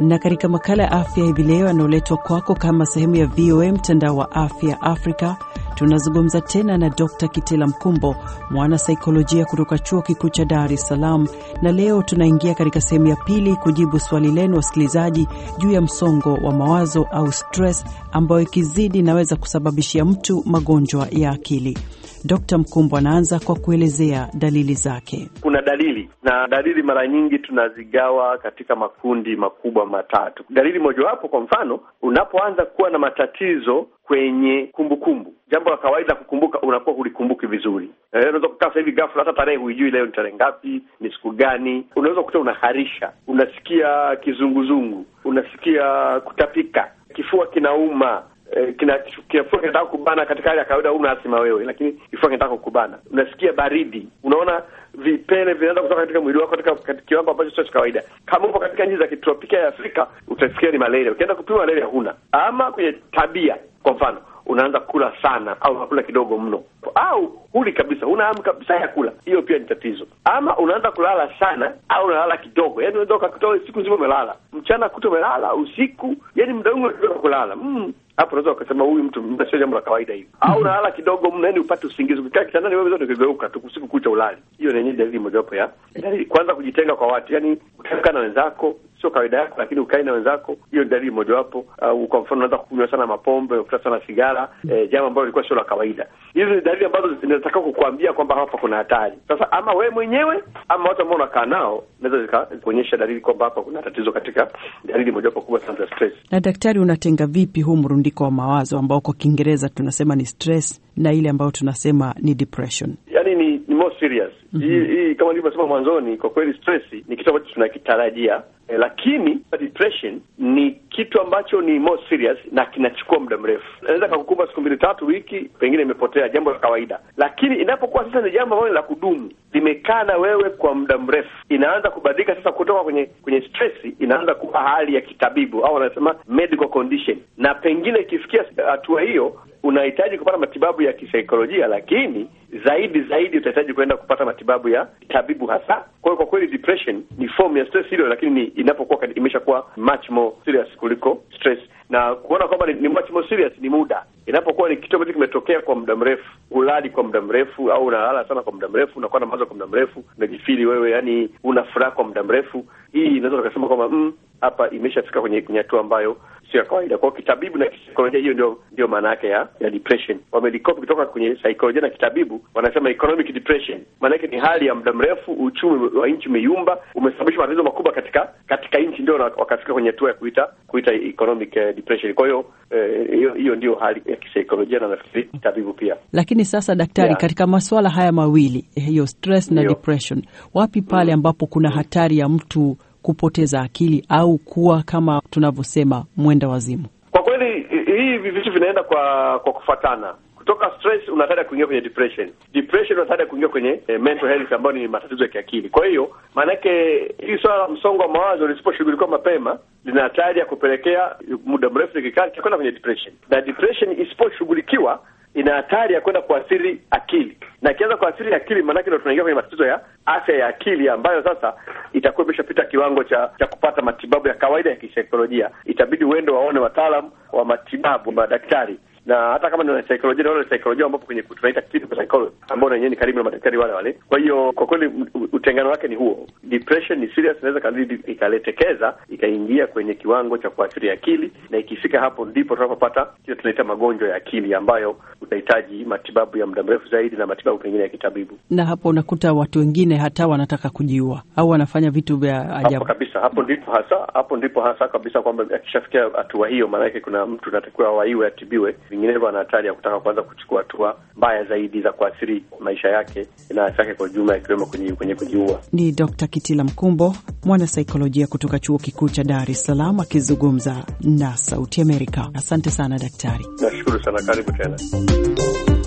na katika makala ya afya hivi leo yanayoletwa kwako kama sehemu ya VOA mtandao wa afya Afrika, tunazungumza tena na Dr. Kitila Mkumbo, mwanasaikolojia kutoka chuo kikuu cha Dar es Salaam, na leo tunaingia katika sehemu ya pili kujibu swali lenu wasikilizaji juu ya msongo wa mawazo au stress, ambayo ikizidi inaweza kusababishia mtu magonjwa ya akili d Mkumbwa anaanza kwa kuelezea dalili zake. Kuna dalili na dalili mara nyingi tunazigawa katika makundi makubwa matatu. Dalili mojawapo, kwa mfano, unapoanza kuwa na matatizo kwenye kumbukumbu kumbu. Jambo la kawaida kukumbuka, unakuwa hulikumbuki vizuri. Eh, unaweza kukaa sahivi hivi ghafla, hata tarehe huijui, leo ni tarehe ngapi, ni siku gani. Unaweza kukuta unaharisha, unasikia kizunguzungu, unasikia kutapika, kifua kinauma eh, kinataka kukubana katika hali ya kawaida, unaasima wewe, lakini kifua kinataka kukubana, unasikia baridi, unaona vipele vinaanza kutoka katika mwili wako katika kiwango ambacho sio cha kawaida. Kama upo katika nchi za kitropiki ya Afrika utasikia ni malaria, ukienda kupima malaria huna. Ama kwenye tabia, kwa mfano unaanza kula sana au unakula kidogo mno, au huli kabisa, huna hamu kabisa ya kula, hiyo pia ni tatizo. Ama unaanza kulala sana au unalala kidogo, yani unaweza ukakutoa siku nzima umelala, mchana kuto umelala, usiku, yani muda ungi kulala mm hapo unaweza ukasema huyu mtu sio jambo la kawaida hivi, au unalala mhm. kidogo mno, yaani upate usingizi. Ukikaa kitandani wewe zote ukigeuka tu usiku kucha ulali, hiyo ni dalili mojawapo ya dalili. Kwanza kujitenga kwa watu, yani utakaa na wenzako sio kawaida yako, lakini ukae na wenzako, hiyo ni dalili mojawapo. Uh, kwa mfano unaweza kukunywa sana mapombe, ukuta sana sigara, mhm. eh, jambo ambalo lilikuwa sio la kawaida. Hizi ni dalili ambazo zinataka kukuambia kwamba hapa kuna hatari. Sasa ama wewe mwenyewe ama watu ambao unakaa nao, naweza zikaonyesha dalili kwamba hapa kuna tatizo katika dalili mojawapo kubwa sana za stress. Na daktari, unatenga vipi huu mrundi msongo wa mawazo ambao kwa Kiingereza tunasema ni stress na ile ambayo tunasema ni depression, yani ni, ni more serious mm -hmm. Hii, hii kama nilivyosema mwanzoni, kwa kweli stress ni kitu ambacho tunakitarajia eh, lakini depression ni kitu ambacho ni more serious na kinachukua muda mrefu, naweza kakukumba siku mbili tatu, wiki pengine imepotea, jambo la kawaida. Lakini inapokuwa sasa ni jambo ambalo la kudumu, limekaa na wewe kwa muda mrefu, inaanza kubadilika sasa, kutoka kwenye kwenye stress inaanza kuwa hali ya kitabibu au wanasema medical condition, na pengine ikifikia hatua hiyo unahitaji kupata matibabu ya kisaikolojia, lakini zaidi zaidi utahitaji kwenda kupata matibabu ya tabibu hasa. Kwa hiyo kwa kweli depression ni form ya stress hilo, lakini inapokuwa imeshakuwa much more serious kuliko stress, na kuona kwamba ni, ni much more serious ni muda. Inapokuwa ni kitu ambacho kimetokea kwa muda mrefu, ulali kwa muda mrefu, au unalala sana kwa muda mrefu, unakuwa na mawazo kwa muda mrefu, unajifili wewe yani una furaha kwa muda mrefu, hii inaweza tukasema kwamba mm, hapa mm, imeshafika kwenye hatua ambayo sio ya kawaida. Kwa kitabibu na kisaikolojia, hiyo ndio ndio maana yake ya ya depression. Wamelikopi kutoka kwenye saikolojia na kitabibu, wanasema economic depression, maana yake ni hali ya muda mrefu, uchumi wa nchi umeyumba, umesababisha matatizo makubwa katika katika nchi, ndio wakafika kwenye hatua ya kuita kuita economic eh, depression. Kwa hiyo eh, hiyo eh, ndio hali ya kisaikolojia na nafikiri kitabibu pia. Lakini sasa daktari, yeah. katika masuala haya mawili eh, hiyo stress na Yo. depression, wapi pale mm. ambapo kuna mm. hatari ya mtu kupoteza akili au kuwa kama tunavyosema mwenda wazimu. Kwa kweli hivi vitu vinaenda kwa kwa kufatana kutoka stress unataka kuingia kwenye depression, depression unataka kuingia kwenye eh, mental health ambayo ni matatizo ya kiakili. Kwa hiyo maanake hili swala la msongo wa mawazo lisiposhughulikiwa mapema lina hatari ya kupelekea muda mrefu cha kwenda kwenye depression, na depression isiposhughulikiwa ina hatari ya kwenda kuathiri akili na ikianza kuathiri akili, maanake ndo tunaingia kwenye matatizo ya afya ya akili ambayo sasa itakuwa imeshapita kiwango cha cha kupata matibabu ya kawaida ya kisaikolojia. Itabidi uende waone wataalam wa matibabu, madaktari na hata kama ni wanasaikolojia na wale ambapo kwenye tunaita clinical psychology ambao wenyewe ni karibu na madaktari wale wale. Kwa hiyo kwa kweli utengano wake ni huo, depression ni serious, inaweza ikaletekeza ikaingia kwenye kiwango cha kuathiri akili, na ikifika hapo ndipo tunapopata kile tunaita magonjwa ya akili ambayo zinahitaji matibabu ya muda mrefu zaidi na matibabu pengine ya kitabibu, na hapo unakuta watu wengine hata wanataka kujiua au wanafanya vitu vya ajabu hapo kabisa. Hapo ndipo hasa, hapo ndipo hasa kabisa kwamba akishafikia hatua hiyo, maanake kuna mtu anatakiwa awaiwe, atibiwe, vinginevyo ana hatari ya kutaka kuanza kuchukua hatua mbaya zaidi za kuathiri maisha yake na afya yake kwa ujumla, ikiwemo kwenye kujiua. Ni Dr. Kitila Mkumbo, mwanasaikolojia kutoka Chuo Kikuu cha Dar es Salaam akizungumza na Sauti Amerika. Asante sana daktari. Nashukuru sana, karibu tena. Thank you.